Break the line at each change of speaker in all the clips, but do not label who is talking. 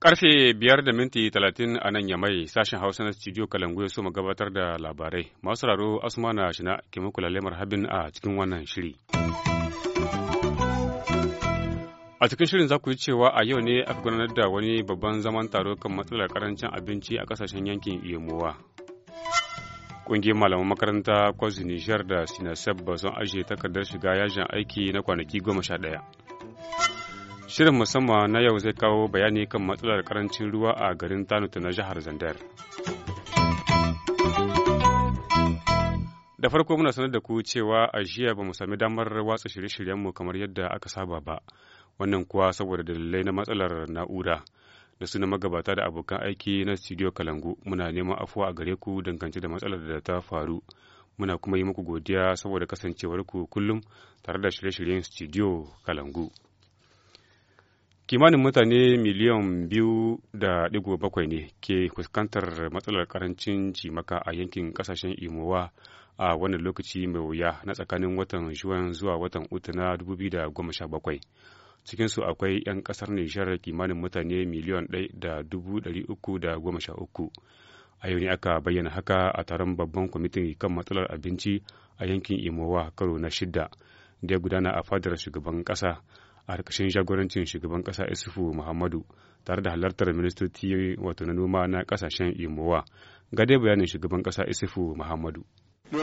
Karfe biyar da minti talatin a nan yamai sashen Hausa na studio Kalangu ya so mu gabatar da labarai. Masu raro na Shina ke muku lalemar habin a cikin wannan shiri. A cikin shirin za ku yi cewa a yau ne aka gudanar da wani babban zaman taro kan matsalar karancin abinci a kasashen yankin Iyamowa. Ƙungiyar malaman makaranta Kwazi Nijar da Sinaseb ba sun ajiye takardar shiga yajin aiki na kwanaki goma sha ɗaya. Shirin musamman na yau zai kawo bayani kan matsalar karancin ruwa a garin Tanuta na jihar Zandar. Da farko muna sanar da ku cewa a jiya ba mu sami damar watsa shirye-shiryenmu kamar yadda aka saba ba. wannan kuwa saboda dalilai na matsalar na'ura da suna magabata da abokan aiki na studio kalangu muna neman afuwa a gare ku dangance da matsalar da ta faru muna kuma yi muku godiya saboda kasancewar ku kullum tare da shirye-shiryen studio kalangu kimanin mutane miliyan biyu da digo bakwai ne ke fuskantar matsalar karancin cimaka a yankin kasashen imowa a wannan lokaci mai wuya na tsakanin watan juwan zuwa watan uku na 2017 su akwai 'yan kasar nijar kimanin mutane miliyan ɗaya da dubu ɗari uku da goma sha uku a yau ne aka bayyana haka a taron babban kwamitin kan matsalar abinci a yankin imowa karo na shida da ya gudana a fadar shugaban kasa a ƙarƙashin jagorancin shugaban kasa isufu muhammadu tare da halartar ministoci wato na noma na kasashen imowa ga dai bayanin shugaban kasa isufu muhammadu Euh,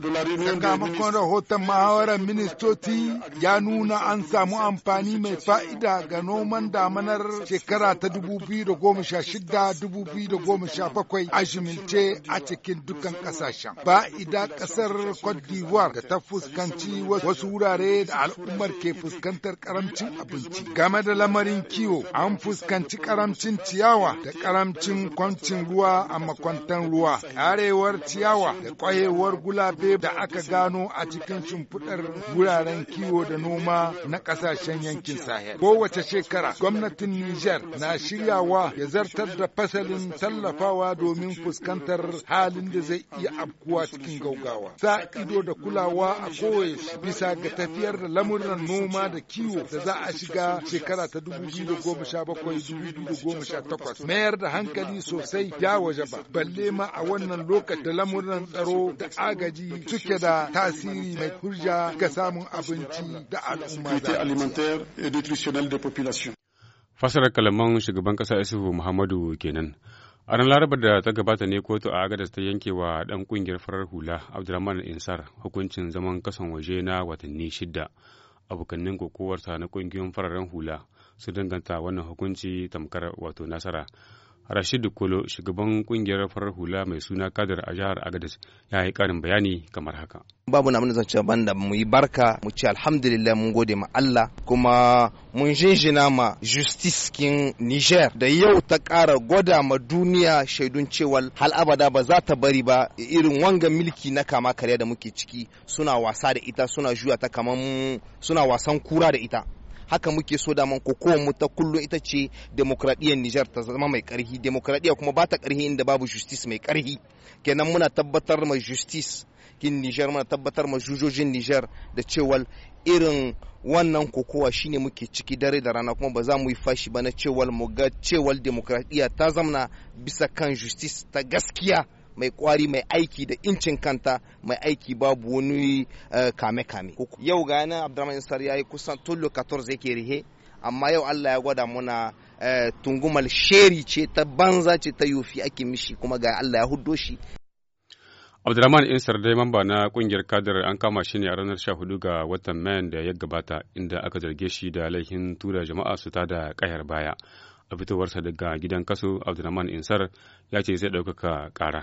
Sakamakon rahoton muhawarar ministoci ya nuna an samu amfani mai fa'ida ga noman damanar shekara ta 2016-2017 a shimilce a cikin dukkan kasashen. Fa'ida ƙasar Cote d'Ivoire da ta fuskanci wasu wurare da al'ummar ke fuskantar karamcin abinci. Game da lamarin kiwo, an fuskanci karamcin ciyawa da karamcin kwancin ruwa a makwantan ruwa, karewar ciyawa da kwayewar gulabe da aka gano a cikin shimfiɗar wuraren kiwo da noma na ƙasashen yankin Sahel. Kowace shekara gwamnatin Nijar na shiryawa ya zartar da fasalin tallafawa domin fuskantar halin da zai iya afkuwa cikin gaugawa. Sa ido da kulawa a kowace bisa ga tafiyar da lamuran noma da kiwo da za a shiga shekara ta 2017-2018. Mayar da hankali sosai ya waje ba, balle ma a wannan lokacin da lamuran tsaro tsaro da agaji suke da tasiri mai hurja ga samun abinci da al'umma.
Fasarar kalaman shugaban ƙasa Isufu Muhammadu kenan. A ran Laraba da ta gabata ne kotu a Agadas ta yanke wa ɗan ƙungiyar farar hula Abdulrahman Insar hukuncin zaman kasan waje na watanni shida. Abokannin kokowarsa na ƙungiyoyin fararen hula su danganta wannan hukunci tamkar wato nasara. Rashidu Kolo shugaban kungiyar farar hula mai suna kadir a jihar Agadez ya yi karin bayani kamar haka.
Babu namun zan ce banda mu yi barka mu ce alhamdulillah mun gode ma Allah kuma mun jinjina ma justice kin Niger da yau ta kara gwada ma duniya shaidun cewa hal abada ba za ta bari ba irin wanga milki na kama karya da muke ciki suna wasa da ita suna juya ta kaman suna wasan kura da ita. haka muke so da man kokowar mu ta kullum ita ce demokradiyyar Nijar ta zama mai karhi demokradiyya kuma ba ta karhi inda babu justice mai karhi kenan muna tabbatar ma justice kin Nijar muna tabbatar ma jujojin Nijar da cewa irin wannan kokowa shine muke ciki dare da rana kuma ba za mu yi fashi ba na cewa mu ga cewar demokradiyya ta zamna bisa kan justice ta gaskiya mai kwari mai aiki da incin kanta mai aiki babu wani eh, kame-kame yau ga yana abdurrahman sar ya yi kusan tullu 14 yake rihe amma yau allah ya gwada muna eh, tungumal sheri ce ta banza ce ta yofi ake mishi kuma ga allah ya huddo shi
Abdulrahman Insar dai mamba na kungiyar kadar an kama shi ne a ranar 14 ga watan Mayan da ya gabata inda aka zarge shi da laifin tura jama'a su ta da kayar baya. A fitowarsa daga gidan kaso Abdulrahman Insar ya ce zai ɗaukaka ƙara.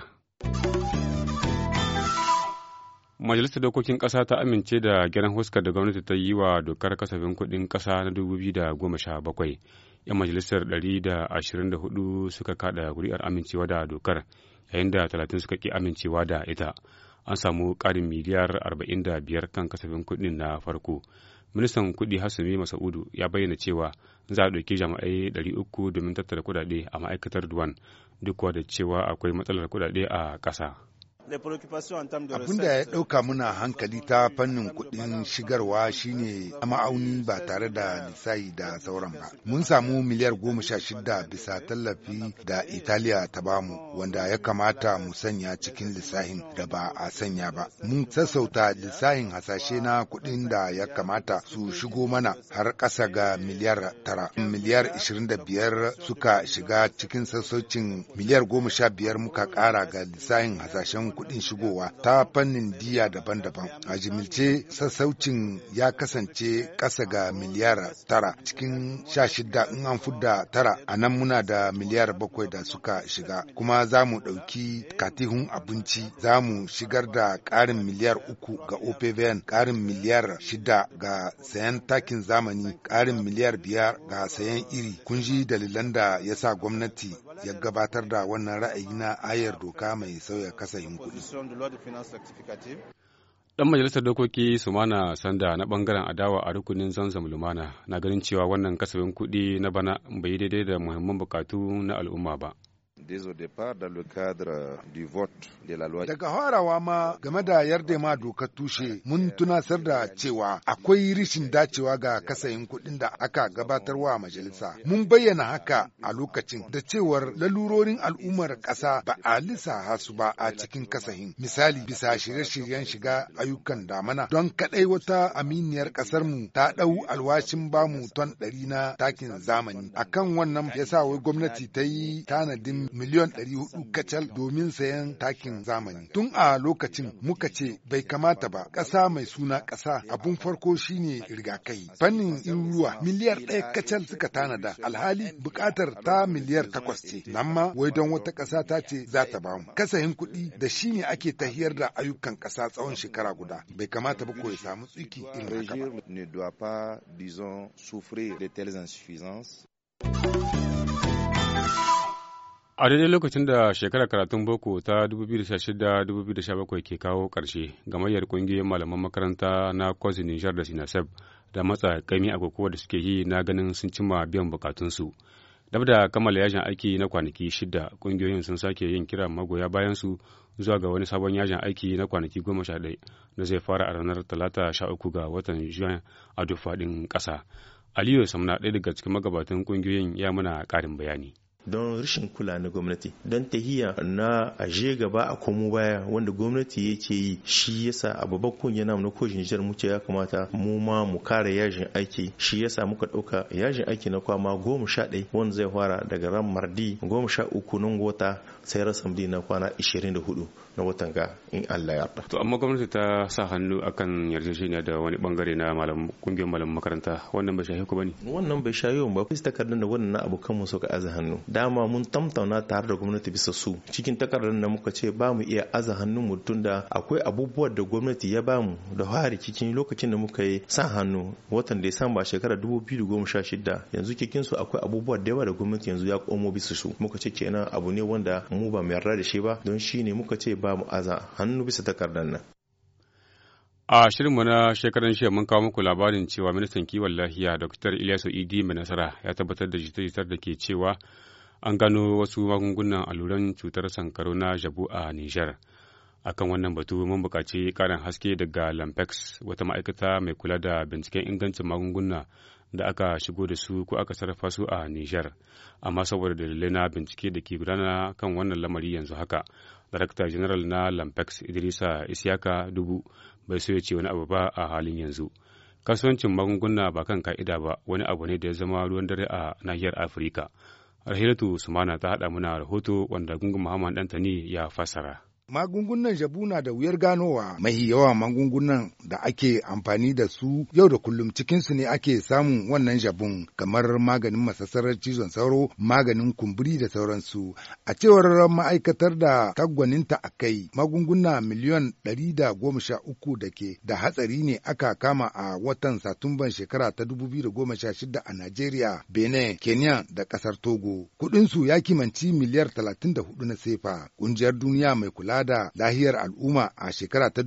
Majalisar Dokokin Ƙasa ta amince da gyaran huskar da gwamnati ta yi wa dokar kasafin kuɗin ƙasa na 2017. 'Yan majalisar 124 suka kada kuri'ar amincewa da dokar, yayin da 30 suka ƙi amincewa da ita. An samu ƙarin miliyar 45 kan kasafin kuɗin na farko. ministan kudi hasumi masaudu ya bayyana cewa za a ɗauki jama'ai 300 domin tattara kuɗaɗe a ma'aikatar duwan duk da cewa akwai matsalar kuɗaɗe a ƙasa abin da
ya ɗauka muna hankali ta fannin kuɗin shigarwa shine a ma'auni ba tare da lissayi da sauran ba mun samu miliyar goma sha shida bisa tallafi da italiya ta bamu wanda ya kamata mu sanya cikin lissahin da ba a sanya ba mun sassauta lissahin hasashe na kuɗin da ya kamata su shigo mana har ƙasa ga miliyar tara miliyar ishirin da biyar suka shiga cikin sassaucin miliyar goma sha biyar muka ƙara ga lissahin hasashen kuɗin shigowa ta fannin diya daban-daban. A jimilce sassaucin ya kasance ƙasa ga miliyar tara cikin sha shida in an fudda tara a nan muna da miliyar bakwai da suka shiga kuma za mu ɗauki katihun abinci za mu shigar da ƙarin miliyar uku ga OPVN ƙarin miliyar shida ga sayan takin zamani ƙarin miliyar biyar ga sayan iri kun ji dalilan da ya sa gwamnati ya gabatar da wannan ra'ayi na ayar doka mai sauya kasayin
kuɗi.
Dan majalisar dokoki Sumana Sanda na ɓangaren adawa a rukunin zanzam lumana na ganin cewa wannan kasafin kuɗi na bana bai daidai da muhimman bukatu na al'umma ba. Daga
harawa ma game da yarda ma dokar tushe mun tunasar da cewa akwai rishin dacewa ga kasayin kuɗin da aka gabatarwa majalisa. Mun bayyana haka a lokacin da cewar lalurorin al'ummar ƙasa ba a lisa hasu ba a cikin kasahin. Misali bisa shirye-shiryen shiga ayyukan damana don kaɗai wata aminiyar ƙasarmu ta ɗau alwashin bamu ton ɗari na takin zamani. Akan wannan yasa wai gwamnati ta yi tanadin miliyan ɗari 400 kacal domin sayan takin zamani. Tun a lokacin muka ce bai kamata ba ƙasa mai suna ƙasa abun farko shine rigakai. Fannin inruwa miliyar ɗaya kacal suka tanada alhali buƙatar ta miliyar takwas ce. Nan ma wai don wata ƙasa ta ce za ta mu Kasahin kuɗi da shine ake tahiyar da ayyukan ƙasa tsawon shekara guda. Bai kamata ba ko ya samu tsiki irin haka ba.
souffrir de
A daidai lokacin da shekarar karatun boko ta 2016-2017 ke kawo ƙarshe, gamayyar ƙungiyoyin malaman makaranta na Kwazi Nijar da Sinasef da matsa kami a kokowa da suke yi na ganin sun cimma biyan bukatunsu. Dab da kammala yajin aiki na kwanaki shida, ƙungiyoyin sun sake yin kira magoya bayansu zuwa ga wani sabon yajin aiki na kwanaki goma sha ɗaya da zai fara a ranar talata sha uku ga watan juan a duk faɗin ƙasa. Aliyu Samna ɗaya daga cikin magabatan ƙungiyoyin ya muna ƙarin bayani. don rashin kula na gwamnati don tahiya na aje gaba a komo baya wanda gwamnati yake yi shi yasa a babban kungiya namu na kojin jiyar muke ya kamata mu ma mu kare yajin aiki shi yasa muka dauka yajin aiki na kwama goma sha ɗaya wanda zai fara daga ran mardi goma sha uku nan gota sai rasan na kwana ishirin da hudu na watan ga in Allah ya To amma gwamnati ta sa hannu akan yarjejeniya da wani bangare na malam kungiyar malam makaranta wannan bai shahi ku bane wannan bai shahi ba ta takardar da wannan abokan mu suka aza hannu dama mun tamtauna tare da gwamnati bisa su cikin takardar da muka ce ba mu iya aza hannun mu da akwai abubuwan da gwamnati ya bamu da hari cikin lokacin da muka yi sa hannu watan da ya a shekarar 2016 yanzu cikin su akwai abubuwan da yawa da gwamnati yanzu ya komo bisa su muka ce kenan abu ne wanda mu ba mu yarda da shi ba don shi ne muka ce ba mu aza hannu bisa takardar nan a shirinmu na shekaran shiya mun kawo muku labarin cewa ministan kiwon lafiya dr ilyasu idi mai nasara ya tabbatar da jitar da ke cewa an gano wasu magungunan alluran cutar sankaro na jabu a Nijar. kan wannan batu mun buƙaci karin haske daga Lampex wata ma'aikata mai kula da binciken ingancin magunguna da aka shigo da su ko aka sarrafa su a Nijar. Amma saboda dalilai na bincike da ke gudana kan wannan lamari yanzu haka, Darakta General na Lampex Idrisa isiaka Dubu bai so ya ce wani abu ba a halin yanzu. Kasuwancin magunguna ba kan ka'ida ba wani abu ne da ya zama ruwan dare a nahiyar Afirka. Rahilatu Sumana ta haɗa muna rahoto wanda Gungun Muhammad Dantani ya fassara.
Magungunan jabu na da wuyar ganowa mahi yawa magungunan da ake amfani da su yau da kullum cikinsu ne ake samun wannan jabun kamar maganin masasarar cizon sauro, maganin kumburi da sauransu. A cewar ma'aikatar da tagwaninta a kai magunguna miliyon ɗari da goma sha uku da ke da hatsari ne aka kama a watan Satumban shekara ta dubu biyu shida a Najeriya, Benin, Kenya da ƙasar Togo. Kuɗinsu ya kimanci miliyar talatin hudu na sefa. Ƙungiyar duniya mai kula kula da lahiyar al'umma a shekara ta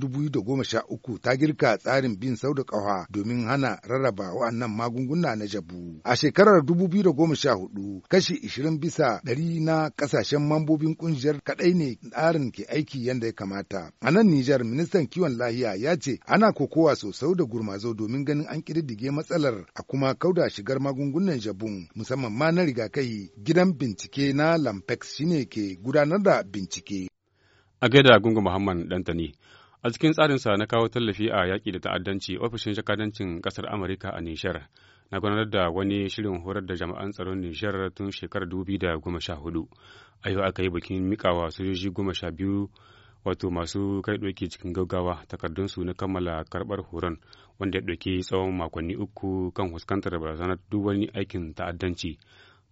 uku ta girka tsarin bin sau da ƙawa domin hana rarraba wa'annan magunguna na jabu. A shekarar hudu kashi ishirin bisa ɗari na ƙasashen mambobin ƙungiyar kaɗai ne tsarin ke aiki yadda ya kamata. A nan Nijar ministan kiwon lahiya ya ce ana kokowa sosai da gurmazo domin ganin an ƙididdige matsalar a kuma kauda shigar magungunan jabun musamman ma na rigakafi gidan bincike na Lampex
shine ke gudanar da bincike. A gaida gungun Muhammad Dantani. A cikin tsarinsa na kawo tallafi a yaƙi da ta'addanci, ofishin jakadancin ƙasar Amurka a Nishar na gudanar da wani shirin horar da jami'an tsaron Nishar tun shekarar dubi da goma sha hudu. A yau aka yi bikin mikawa sojoji goma sha biyu wato masu kai ɗauki cikin gaggawa takardunsu na kammala karɓar horon wanda ya ɗauki tsawon makonni uku kan fuskantar barazanar duk wani aikin ta'addanci.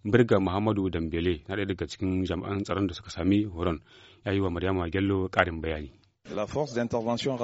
birga muhammadu dambele na ɗaya daga cikin jami'an tsaron da suka sami horon ya yi wa maryama gello ƙarin bayani
la force rapide un dintervention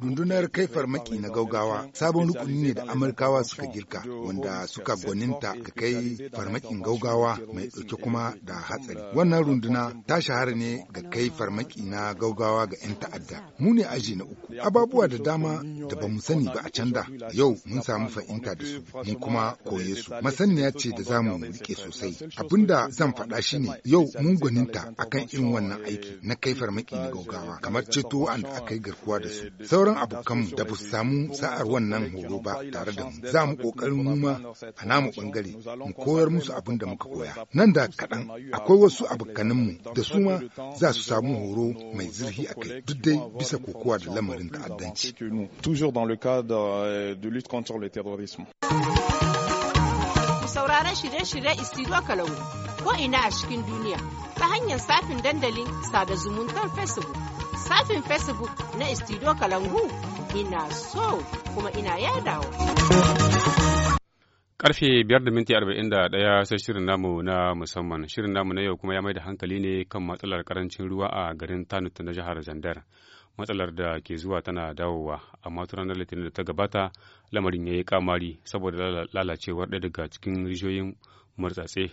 Rundunar kai farmaki na gaugawa sabon rukuni ne da Amurkawa suka girka wanda suka gwaninta ka kai farmakin gaugawa mai ɗauke kuma da hatsari. Wannan runduna ta shahara ne ga kai farmaki na gaugawa ga 'yan ta'adda. Mu ne aji na uku. Ababuwa da dama da ba mu sani ba a can da yau mun samu fahimta da su mun kuma koye su. Masaniya ce da za mu rike sosai. Abinda zan faɗa shi ne yau mun gwaninta akan irin wannan aiki na kai farmaki na gaugawa. gaggawa kamar ceto da aka yi garkuwa da su. Sauran abokanmu da ba su samu sa'ar wannan horo ba tare da mu za mu ƙoƙarin mu a namu ɓangare mu koyar musu abin da muka koya. Nan da kaɗan akwai wasu mu da su ma za su samu horo mai zurfi a kai duk dai bisa kokowa da lamarin ta'addanci. Toujours dans le cadre euh, de lutte contre le terrorisme.
Sauraron shirye-shirye Istiduwa ko'ina a cikin duniya ta hanyar safin dandalin sada zumuntar Facebook. Safin Facebook na Istido Kalangu ina so kuma ina yadawa.
Karfe biyar da sai shirin namu na musamman. Shirin namu na yau kuma ya mai da hankali ne kan matsalar karancin ruwa a garin Tanut na jihar Zandar. matsalar da ke zuwa tana dawowa amma tun ranar litinin da ta gabata lamarin ya yi kamari saboda lalacewar ɗaya daga cikin rijiyoyin murtsatse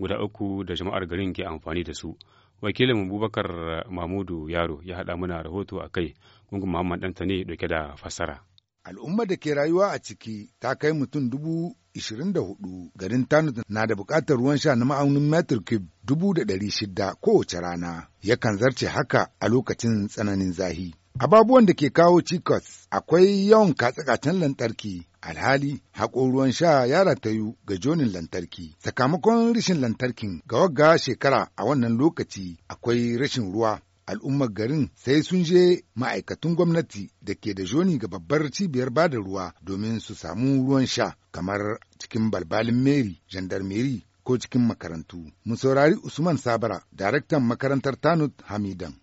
guda uku da jama'ar garin ke amfani da su. Wakilin Abubakar Mamudu Yaro ya haɗa mana rahoto a kai, gungun Muhammad ne ɗauke da fassara.
Al'ummar da ke rayuwa a ciki ta kai mutum dubu ishirin da hudu, garin Tanut na da buƙatar ruwan sha na ma'aunin metric cube shida kowace rana, yakan zarce haka a lokacin tsananin zahi. Ababuwan da ke kawo cikas akwai yawan katsakacen lantarki alhali haƙo ruwan sha ya ratayu ga jonin lantarki. Sakamakon rashin lantarkin ga wagga shekara a wannan lokaci akwai rashin ruwa. Al'ummar garin sai sun je ma'aikatun gwamnati da ke da joni ga babbar cibiyar bada ruwa domin su samu ruwan sha kamar cikin balbalin Meri, jandarmeri ko cikin makarantu. Mu saurari Usman Sabara, daraktan makarantar Tanut Hamidan.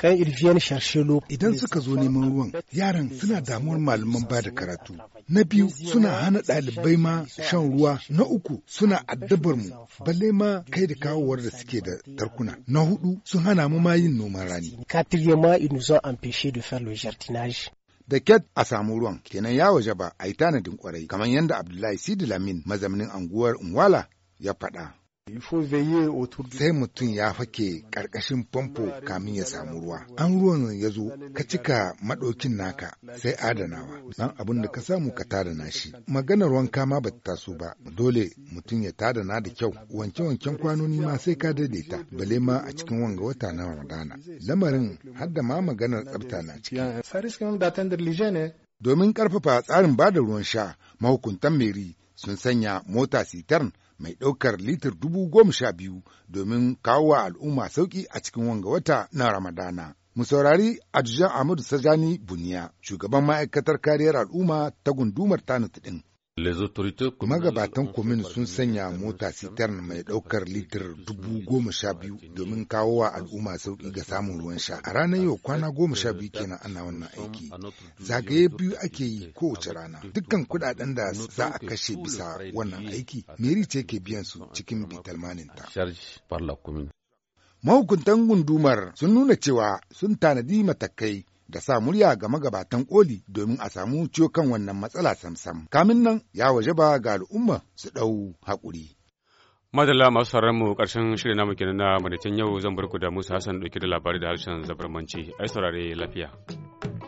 kan Idan suka zo neman ruwan, yaran suna damuwar malaman ba da karatu. Na biyu suna hana ɗalibai ma shan ruwa. Na uku suna addabar mu, balle ma kai da kawowar da suke da tarkuna. Na hudu sun hana mu ma yin noman rani. da ket a samu ruwan kenan ya waje ba a yi tanadin kwarai kamar yadda abdullahi sidi lamin mazaunin anguwar unwala ya faɗa Sai mutum ya fake ƙarƙashin famfo kamin ya samu ruwa. An ruwan ya zo, ka cika maɗaukin naka sai adanawa, dan abin da ka samu ka tadana shi. Maganar wanka ma ba ta taso ba, dole mutum ya tadana da kyau. Wanke-wanken kwanoni ma sai ka daidaita, bale ma a cikin wanga wata na Ramadana. Lamarin har da ma maganar tsafta na
ciki.
Domin ƙarfafa tsarin bada ruwan sha, mahukuntan Meri sun sanya mota sitern mai ɗaukar litir dubu goma sha biyu domin kawo wa al'umma sauƙi a cikin wanga wata na Ramadana. Mu saurari Adjan Ahmadu Sajani Buniya, shugaban ma'aikatar kariyar al'umma ta gundumar Tanit ɗin. Magabatan kwamin sun sanya mota sitar mai ɗaukar litir dubu goma sha biyu domin kawo wa al'umma sauki ga samun ruwan sha. A ranar yau kwana goma sha biyu kenan ana wannan aiki. Zagaye biyu ake yi kowace rana. Dukkan kudaden da za a kashe bisa wannan aiki, Meri ce ke biyan su cikin bitalmaninta. Mahukuntan gundumar sun nuna cewa sun tanadi matakai da sa murya ga magabatan koli domin a samu ciwo kan wannan matsala samsam. Kamin nan ya waje ba ga al'umma su ɗau haƙuri.
Madalla masu sauran mu ƙarshen shirin namu kenan na madacin yau zan barku da Musa Hassan ɗauke da labari da harshen zabarmanci. Ai saurare lafiya.